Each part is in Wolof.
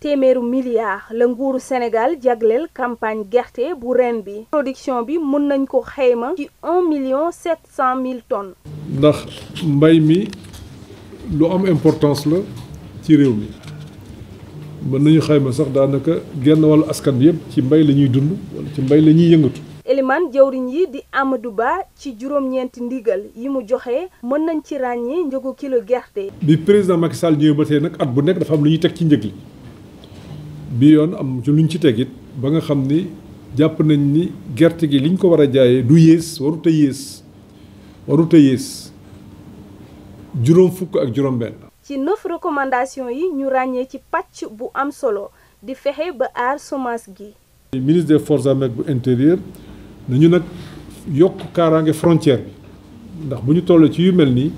téeméeru milliard la nguuru Sénégal jagleel campagne gerte bu ren bi production bi mën nañ ko xayma ci un million sept cent ndax mbay mi lu am importance la ci réew mi mën nañu xayma sax daanaka genn wàllu askan yëpp ci mbay la ñuy dund wala ci mbay la ñuy yëngatu Elimane jëwriñ yi di Amadou Ba ci juróom-ñeenti ndigal yi mu joxe mën nañ ci ràññee njëgu kilo gerte. bi président Macky Sall ñëwee nag at bu nekk dafa am lu ñuy teg ci njëg li bi yoon am ci lu ñu ci teg it ba nga xam ni jàpp nañ ni gerte gi liñ ko war a jaayee du yées warut a yées warut a yées juróom fukk ak juróom-benn. ci neuf recommandations yi ñu ràññee ci pàcc bu am solo di fexe ba aar semence gi. ministre des forces armées bu intérieur. nañu nag yokk kaaraange frontière bi ndax bu ñu toll ci yu mel nii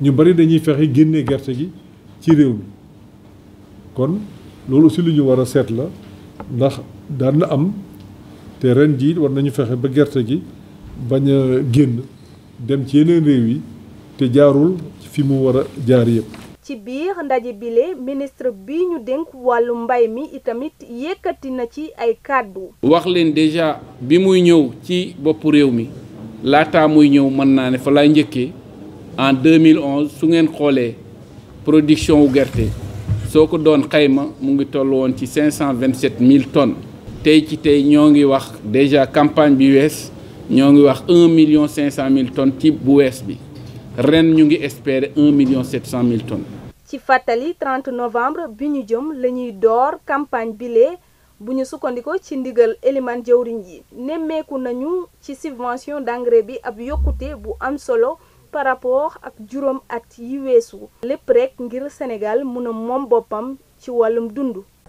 ñu bari dañuy fexe génne gerte gi ci réew mi kon loolu si lu ñu war a seet la ndax daan na am te ren jii war nañu fexe ba gerte gi bañ génn dem ci yeneen réew yi te jaarul fi mu war a jaar yëpp ci biir ndaje bile ministre bi ñu dénk wàllu mbay mi itamit yëkkati na ci ay kàddu. wax leen déjà bi muy ñëw ci bopp réew mi laataa muy ñëw mën naa ne fa laay njëkkee en 2011 su ngeen xoolee production wu gerte soo ko doon xayma mu ngi toll woon ci 527000 tonnes tey ci tey ñoo ngi wax déjà campagne bi wees ñoo ngi wax 1 million 500000 tonnes ci bu wees bi. ren ñu ngi espérer un million sept cent ci fàttali 30 novembre bi ñu jëm la ñuy door campagne bile bu ñu sukkandiku ci ndigal Eliman jëwriñ yi nemmeeku nañu ci subvention d'engrais bi ab yokkute bu am solo par rapport ak juróom at yi weesu lépp rekk ngir Sénégal mën a moom boppam ci wàllum dund.